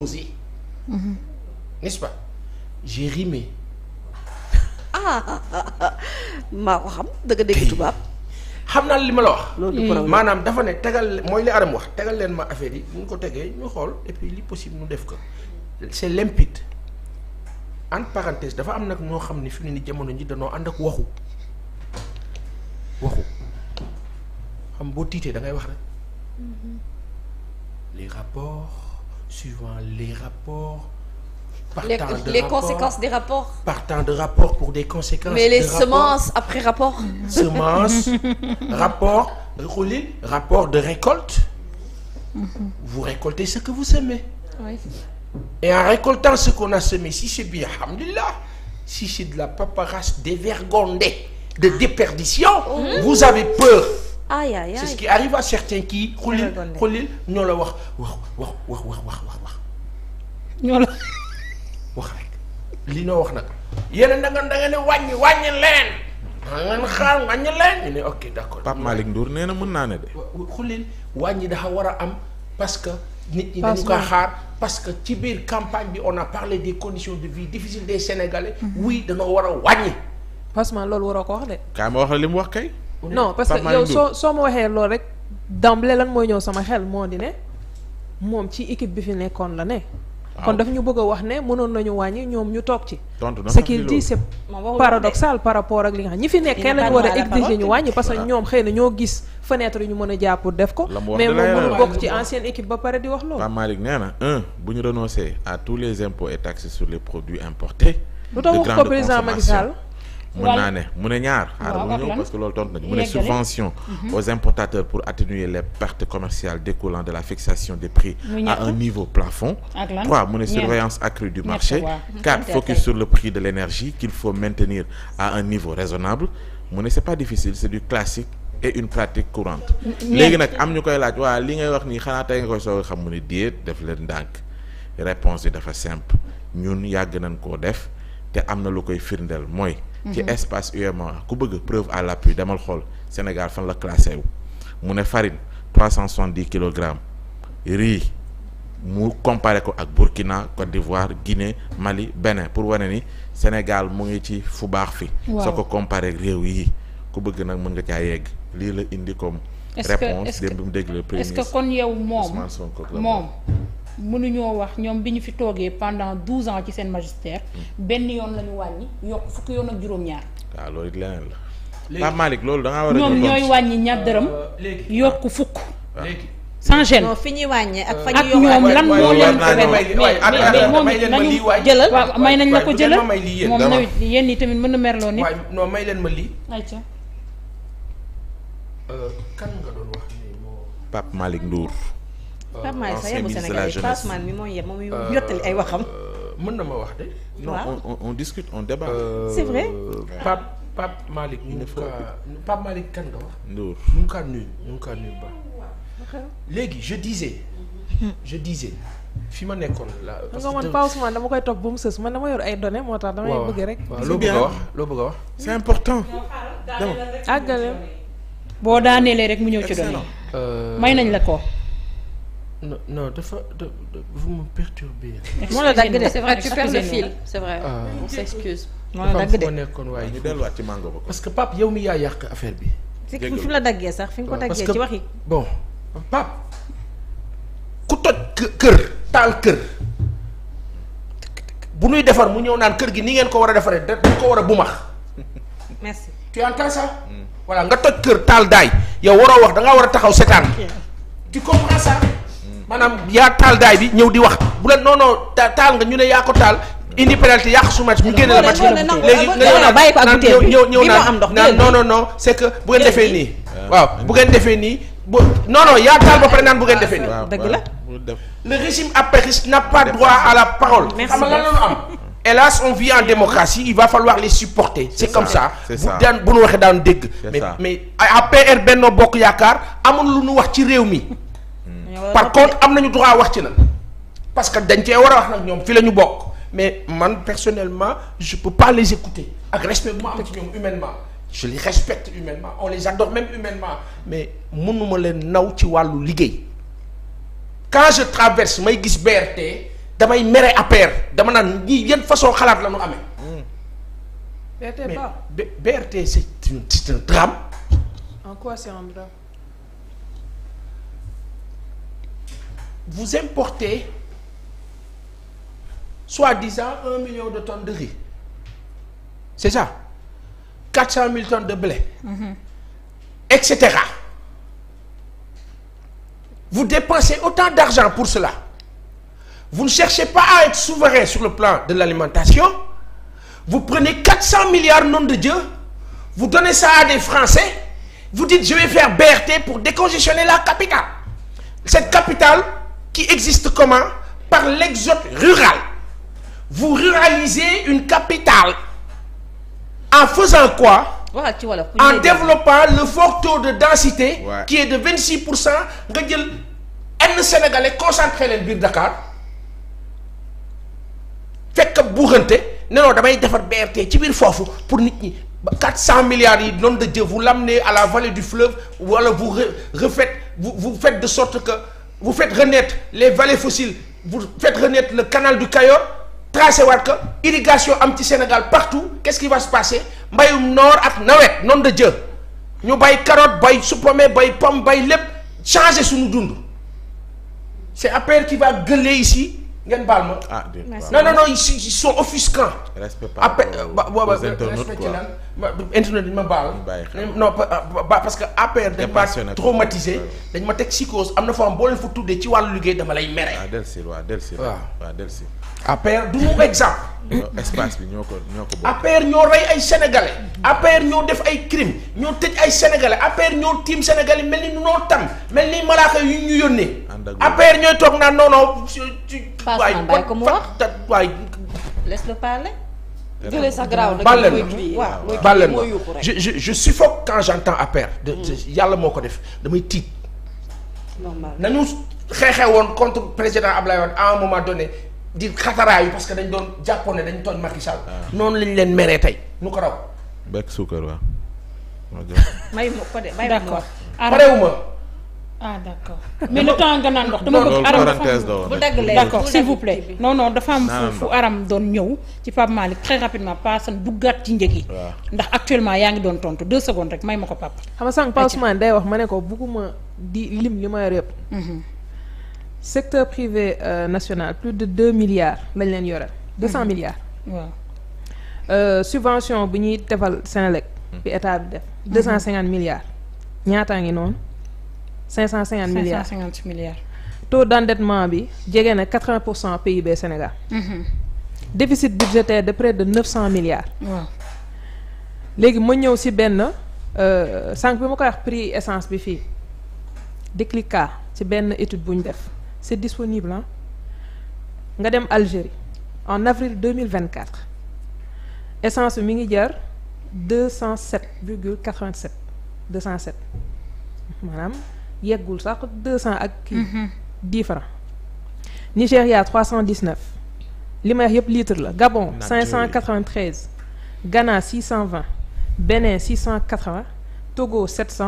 aussi. Mmh. n'est-ce pas j'ai maa ko xam dëgg dégg tubaab. xam naa li ma la wax. maanaam dafa ne tegal mooy li Aram wax tegal leen ma affaire yi bu ñu ko tegee ñu xool et puis li possible ñu def ko c'est limpide entre parenthèse dafa am nag ñoo xam ne fi mu ne jamono ji danoo ànd ak waxu waxu xam boo tiitee da ngay wax rek mhm. les rapports. suivant les rapports. Les, de les rapport, conséquences des rapports. Partant de rapports pour des conséquences. Mais les semences rapport, après rapport. Semences, rapport, roulé, de récolte. Mm -hmm. Vous récoltez ce que vous semez. Oui. Et en récoltant ce qu'on a semé, si c'est bien, alhamdulillah, si c'est de la paparasse dévergondée, de déperdition, oh. vous avez peur aïe aïe c'est ce qui arrive à certains kii xulil xulil ñoo la wax wax wax wax wax wax wax wax ñoo la wax rek li noo wax nag yeneen da nga da nga ne wàññi wàññi leneen ngeen xaar wàññi leneen ñu ne ok d'accord Pape Malick Ndour nee na mën naa ne de xulil wàññi dafa war a am parce que nit ñi dañu ko xaar parce que ci biir campagne bi on a parlé des conditions de vie difficiles des Sénégalais mhm. oui dañoo war a wàññi Passement loolu waroo ko wax de kaay ma wax la li mu wax kay non parce que yow soo soo ma waxee loolu rek d'emblée lan mooy ñëw sama xel moo di ne moom ci équipe bi fi nekkoon la ne. kon daf ñu bëgg a wax ne mënoon nañu wàññi ñoom ñu toog ci. tontu na ce qu'il dit c'est paradoxal par rapport ak li nga xam ñi fi nekkee lañu war a ñu wàññi parce que ñoom xëy nañoo ñoo gis fenêtre yu ñu mën a jàpp def ko. mais moom mënu bokk ci ancienne équipe ba pare di wax loolu. Pape Malick nee bu ñu renoncer à tous les impôts et taxes sur les produits importés. de grande consommation lu tax wax ko président mën naa ne mu ne ñaar xaaral mu loolu tontu nañu mu ne subvention mhm. aux importateurs pour atténuer les pertes commerciales découlant de la fixation des prix à un niveau plafond trois mu ne surveillance accrue du marché quatre focus sur le prix de l'énergie qu'il faut maintenir à un niveau raisonnable mu ne c'est pas difficile c'est du classique et une pratique courante léegi nag am ñu koy laaj waa li ngay wax nii xanaa tey nga koy soog a xam mu ne déet def leen ndànk réponse bi dafa simple ñun yàgg nañ koo def te am na lu koy firndeel mooy ci mhm. espace UEMOA ku bëgg preuve à l'appui demal xool Sénégal fan la classé mu ne farine trois cent soixante dix kilogrammes riz mu comparé ko ak Burkina Côte d'Ivoire Guinée Mali Bénin pour wane ni Sénégal mu ngi ci fu baax fi soo ko comparé réew yi ku bëgg nag mën nga caa yegg lii la indi comme réponse démb bi mu est kon yow moom mënuñoo wax ñoom bi ñu fi toogee pendant douze ans ci seen magistère benn yoon la ñu wàññi yokk fukk yoon ak juróom-ñaar. waaw loolu leneen la. léegi Pape loolu da war a ñoom wàññi ñaar dërëm. yokk fukk. sans gêne non fi ñuy wàññee ak fa ñuy yokk ak ñoom lan moo leen ko mais mais moom nañu jëlal waaw may nañ la ko jëlal moom nawet yenn yi tamit mën na merloo nit. waay non may leen ma lii. ayca. kan Euh, Pape Malick Sall yebu Sénégal yi Passemane mi mooy yeb moom muy euh, yottali ay waxam. Euh, mën na ma wax de. non on on discute on débat. c'est vrai. Pape Pape Malick. mu ngi kaa Pape Malick kan nga wax. Ndour mu ngi kaa nuyu mu ngi kaa nuyu ba. léegi je disais. je disais fi ma nekkoon la. parce que man Passemane dama koy topp ba mu sës man dama yor ay données moo tax damay bëgg rek. waaw loo bëgg a wax loo bëgg a wax. c'est important. dama àggale. boo daaneelee rek mu ñëw ci données. may nañ la ko. non dafa vous me perturbez. moo la dagg de c'est vrai ah, tu perds le fil c'est vrai. Ah. on moo la dagg de dafa waaye ñu delluwaat ci mango ba. parce que Pape yow mi yaa yàq affaire bi. dégg fi la daggee sax fi nga ko ah, daggee ci wax yi. bon Pape ku bu nuy defar mu ñëw naan kër gi ni ngeen ko war a defaree da dañ ko war a bumax. merci tu entends ça. Hmm. voilà nga toj kër taal daay yow waroo wax da war a taxaw seetaan. tu comprends maanaam yaa taal daay bi ñëw di wax bu la non non taal nga ñu ne yaa ko taal indi pénalité yàq su match ñu génne la match léegi nga ñëw naan bàyyi ko ak butéel bi ñëw ñëw naan non non non c'est que bu ngeen defee nii waaw bu defee nii bu non yaa taal ba pare naan bu ngeen defee nii dëgg la le régime apériste n'a pas droit à la parole xam nga am hélas on vit en démocratie il va falloir les supporter c'est comme ça bu nu waxee daan dégg mais mais APR Benno Bokk Yaakaar amul lu nu wax ci réew mi par contre am nañu droit wax ci nag parce que dañ cee war a wax nag ñoom fi la ñu bokk mais man personnellement je peux pas les écouter ak respect bu ma am ci ñoom humainement je les respecte humainement on les adore même humainement mais mënuma leen naw ci wàllu liggéey quand je traverse may gis BRT damay mere APR dama naan ñii yan façon xalaat la ñu amee. BRT ba mais BRT c'est vous importez soi-disant un million de tonnes de riz c'est ça cent mille tonnes de blé mmh. et cetera vous dépensez autant d'argent pour cela vous ne cherchez pas à être souverain sur le plan de l'alimentation vous prenez cent milliards nom de Dieu vous donnez ça à des Français vous dites je vais faire BRT pour décongestionner la capitale cette capitale qui existe comment par l'exode rural vous ruralisez une capitale en faisant quoi en développant le fort de densité ouais. qui est de 26 pour cent nga jël n sénégalais concentré le biir Dakar fekk buuxante ne non damay defar BRT ci biir foofu pour nit ñi ba 400 milliards yi nom de Dieu vous l'amenez à la vallée du fleuve wala vous refaites vous vous faites de sorte que vous faites renaître les vallées fossiles vous faites renaître le canal du Cayor tracé waat ko irrigation am ci Sénégal partout qu'est-ce qui va se passer mbayum noor ak nawet noonu de jë ñu bay carotte bay supame bay pomme bay lépp changer suñu dund c'est après qui va gueuler ici ngeen baal ma. ah non non non ils sont offusquants. respect par rapport internet dañ ma baal. non ah, parce que APR dañ ma traumatisé dañ ma teg psychose am na foo xam boo leen fa tuddee ci wàllu liggéey dama lay mere. Ah, waaw du mu exemple. espace bi ñoo ko ñoo ko bokk. APR ñoo rey ay sénégalais. APR ñoo def ay crime ñoo tëj ay sénégalais APR ñoo tiim sénégalais mel ni noo tam mel ni malaaka yu ñu yónnee. ànd ñooy toog naan non non Ousmane bàyyi ko mu wax waay laisse le parler jëlee sax garaaw nag de mm. yàlla moo ko def damay tiit nañu xeexee woon contre président Ablaye Wade à un moment donné di xataraayu parce que dañ doon jàppoon ne dañ tooñ Macky Sall ah. noonu lañ leen meree tey nu ko raw bekk suukar waaw may ko de may ah accord mais le naan ndox dama bu dagg d' accord s'il vous dafa am fu aram doon ñëw ci Pape Malick très rapidement paasan duggaat ci njëg yi ndax actuellement yaa ngi doon tontu deux secondes rek may ma ko Pape xam nga sànq Ousmane day wax ma ne ko bugguma di lim li ma yor yëpp secteur privé euh, national plus de deux milliards lañ leen yoreel deux cent mhm. milliards waaw euh, subvention bu ñuy defal Sénélec bi mhm. état bi def deux cent cinquante milliards ñaataa ngi noonu cinq cent cinquante milliards cinq cent taux d' endettement bi jege na quatre vingt pour cent PIB Sénégal. Mhm. déficit budgétaire de près de cent milliards. waaw léegi ma ñëw si benn euh, sànq bi ma koy wax prix essence bi fii déclic ci benn étude bu ñu def c' est disponible nga dem Algérie en avril deux mille vingt quatre essence bi mi ngi jar deux cent sept virgule quatre vingt sept cent sept maanaam. yeggul sax deux cent ak kii mm-hmm. dix francs Nigéria trois yëpp litre la Gabon cinq cent quatre vingt treize Ghana six cent vingt Bénin six cent quatre vingt Togo sept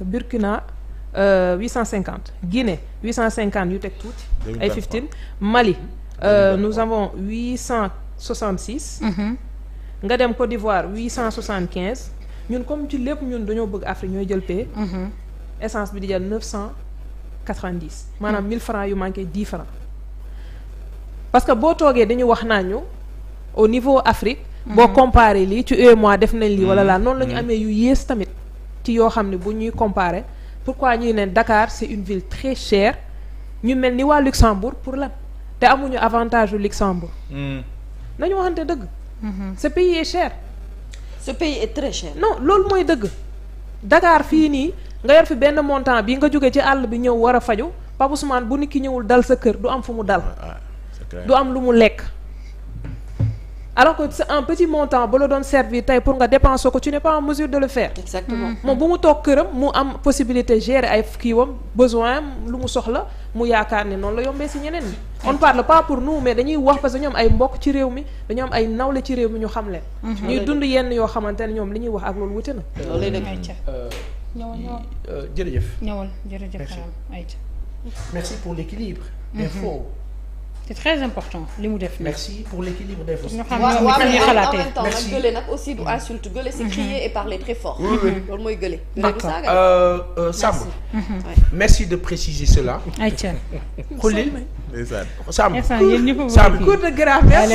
Burkina euh, Guinée yu teg tuuti ay Mali euh, nous avons mm-hmm. nga dem Côte d'Ivoire ñun comme ci lépp ñun dañoo bëgg Afrique ñooy jël paie. Mhm. essence bi di jël neuf cent quatre-vingt-dix. maanaam mille francs yu manqué dix francs parce que boo toogee dañu wax naa ñu au niveau Afrique. Mhm. boo comparé lii ci UEMOA def nañ lii mhm. wala laa noonu lañu ñu amee yu yées tamit ci yoo xam ne bu ñuy comparé pourquoi ñuy ne Dakar c'est une ville très chère ñu mel ni waa Luxembourg pour lan te amuñu avantage yu Luxembourg. nañu waxante dëgg. ce pays est cher. ce pays est très cher. non loolu mooy dëgg dakaar fii nii nga yor fi benn montant bi nga jóge ci àll bi ñëw war a faju Pape Ousmane bu nit ki ñëwul dal sa kër du am fu mu dal. Ah, ah, du am lu mu lekk. alors que c'est un petit montant ba la doon servir tey pour nga dépenser ko tu n'es pas en mesure de le faire. exactement mm-hmm. moom bu mu toog këram mu am possibilité gérer ay kiiwam besoin lu mu soxla mu yaakaar ne noonu la yombee si ñeneen ñi. on parle pas pour nous mais dañuy wax parce que dañu am ay mbokk ci réew mi dañu am ay nawle ci réew mi ñu xam leen. Mm-hmm. ñuy dund yenn yoo xamante ne ñoom li ñuy wax ak loolu wute na. loolu la euh, ñëwal ñëwal euh, jërëjëf. ñëwal jërëjëf merci pour l'équilibre. des mm-hmm. fois. c'est très important li mu def. merci pour l'équilibre des forces. waaw waaw en même temps nag gële nag aussi du insulte gële c'est mhm. crier et parler très fort. loolu mooy gële. gële du saaga. Euh, euh, Samb. Mhm. merci de préciser cela. ayca xulil. Samb Samb cours de grammaire.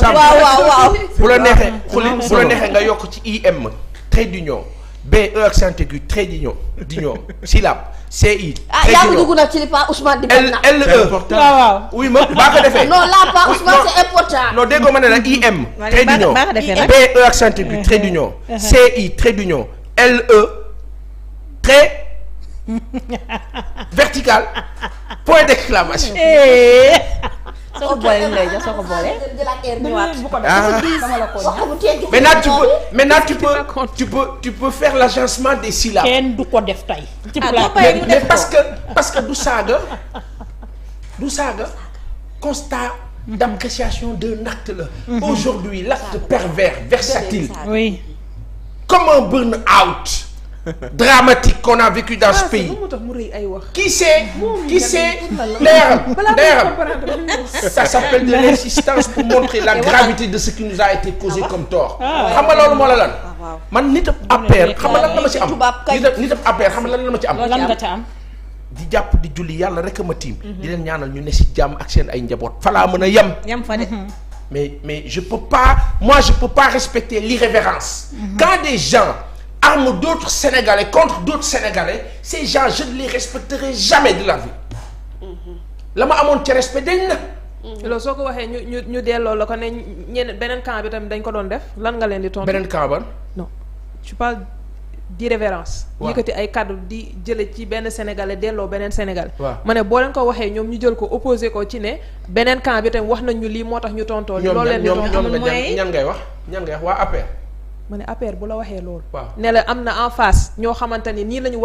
Samb waaw waaw waaw. bu la neexee na bu la neexee nga yokk ci IM trait d'union. BE accent aigu trait di d'union di CI. ah yaa ngi dugg nag ci li Pa Ousmane di benn. LE waaw waaw. oui ma baa ko defee. non la Pa Ousmane c'est important. non déggoo ma ne la IM. trait d'union BE accent aigu trait d'union uh-huh. CI trait d'union LE trait. vertical point d'exclamation. Eh. soo ko boolee lay jox soo ko boolee. mais nag tu peux mais tu peux tu peux faire l'agencement des syllabes. kenn du ko def tey. ci mais parce que parce que du saaga du saaga constat d'appréciation d'un acte la. Mhm. aujourd'hui l'acte pervers versatile. oui. comme un burn-out. dramatique qu'on a vécu dans ah, ce pays qui sait qui sait leeral leeral ça s'appelle de l'insistance pour montrer la gravité de ce qui nous a été causé ah, comme tort ah, xam nga loolu moo la lan man nit ab affaire xam nga lan la ma ci am nit ab affaire xam nga lan la ma ci am lan nga ci di jàpp di julli yàlla rek a ma tiim mhm. di leen ñaanal ñu ne ci jàmm ak seen ay njaboot falaa mën a yem yem mhm. mais mais je peux pas moi je peux pas respecter l'irrévérence mhm. quand des gens arme d'autres Sénégalais contre d'autres Sénégalais ces gens je ne les respecterai jamais de la vie la ma amoon ci respect dañ na. loolu soo ko waxee ñu ñu ñu delloo la ko ne ñeen beneen camp bi tamit dañ ko doon def lan nga leen di tontu. beneen camp ban. non tu parles d'irrévérence. waaw yëkkati ay kàddu di jële ci benn sénégalais delloo beneen sénégalais. waaw ma ne boo leen ko waxee ñoom ñu jël ko opposé ko ci ne beneen camp bi tamit wax nañ lii moo tax ñu tontoo. loolu leen di tontu ñoom ñoom ñan ngay wax ñan ngay wax waa APR. ma ne APR bu la waxee lool ne am na en face ñoo xamante ni nii la ñu